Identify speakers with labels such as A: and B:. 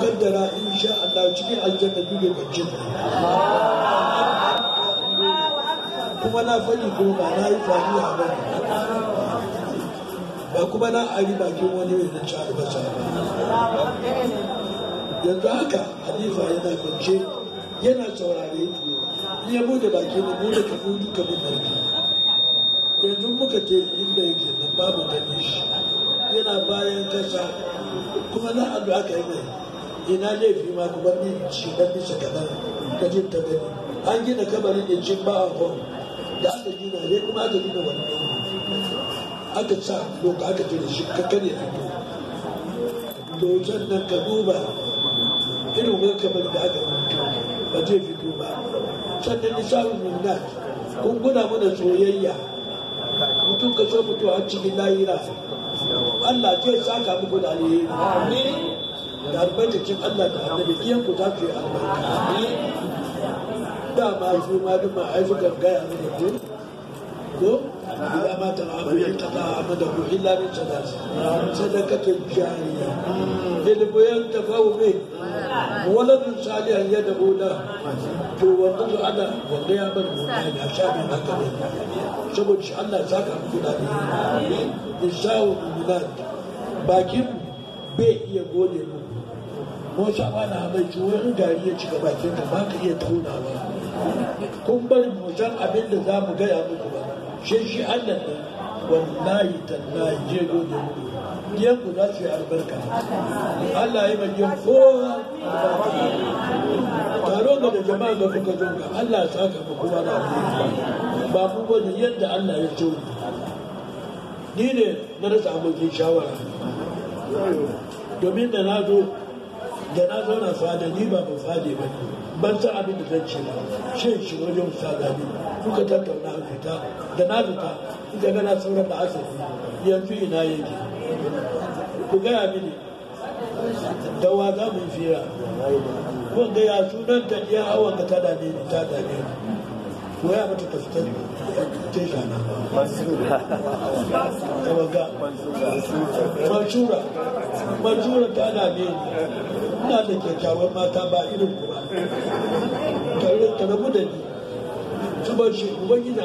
A: kaddara in sha Allah cikin aljanna duk lokacin kuma na faɗi kuma ba na yi fariya ba ba kuma na ari bakin wani mai da ci ba albasa yanzu haka halifa yana kwance yana saurare ni ya bude baki da bude ka bude ka bi barki yanzu muka ce inda yake nan babu gani shi yana bayan kasa kuma na addu'a ka yi mai ina laifi ma kuma bar min da dan bisa kadan ka jin ta gani an gina kabarin da cin ba a da aka gina ne kuma aka gina wani aka sa loka aka jira shi ka kare a to dokan nan ka duba irin wani kamar da aka ba zai fito ba sannan ni min nuna kun guda mana soyayya mutum ka so mutu a cikin lahira Allah zai saka muku da alheri albarkacin Allah da annabi iyan ku za ku yi albarka da ma fi ma duk ma ai suka gaya ne ku ko ya ma ta ma'amu yin ta ta amma da ku illa min sadaka sadakatun jariya ta tafawu mai waladun salihan ya da to wanda to ana wanda ya bar mu ya sha bin haka ne saboda shi Allah saka mu da ne insha Allah bakin bai iya gode mu mota ba na mai juwa in gari ya cika bakin ba ka iya ba kun bar mu abin da za mu gaya muku ba shi shi Allah ne wallahi tallahi je gode muku yan ku za su yi albarka Allah ya bage kowa taro ga da jama'a da kuka zo Allah ya saka ku kuma da ba mu bane yadda Allah ya ce ni ne na rasa abokin shawara domin da na zo da na zauna fada ni ba ba fade ba ne ban san abin da zan ce ba shin shi wajen fada ne kuka tattauna a fita da na fita ita gana sauran da asali yanzu ina yake ku gaya mini da wa za mu fira kun ya sunan ta ya hawa ka ta dame ni ta dame ni ko ya mata ta fita ta shana mansura manjura ta na dame ina da kyakkyawar mata ba irin kuma ba tare da rabu da ni zubar shi ubangiji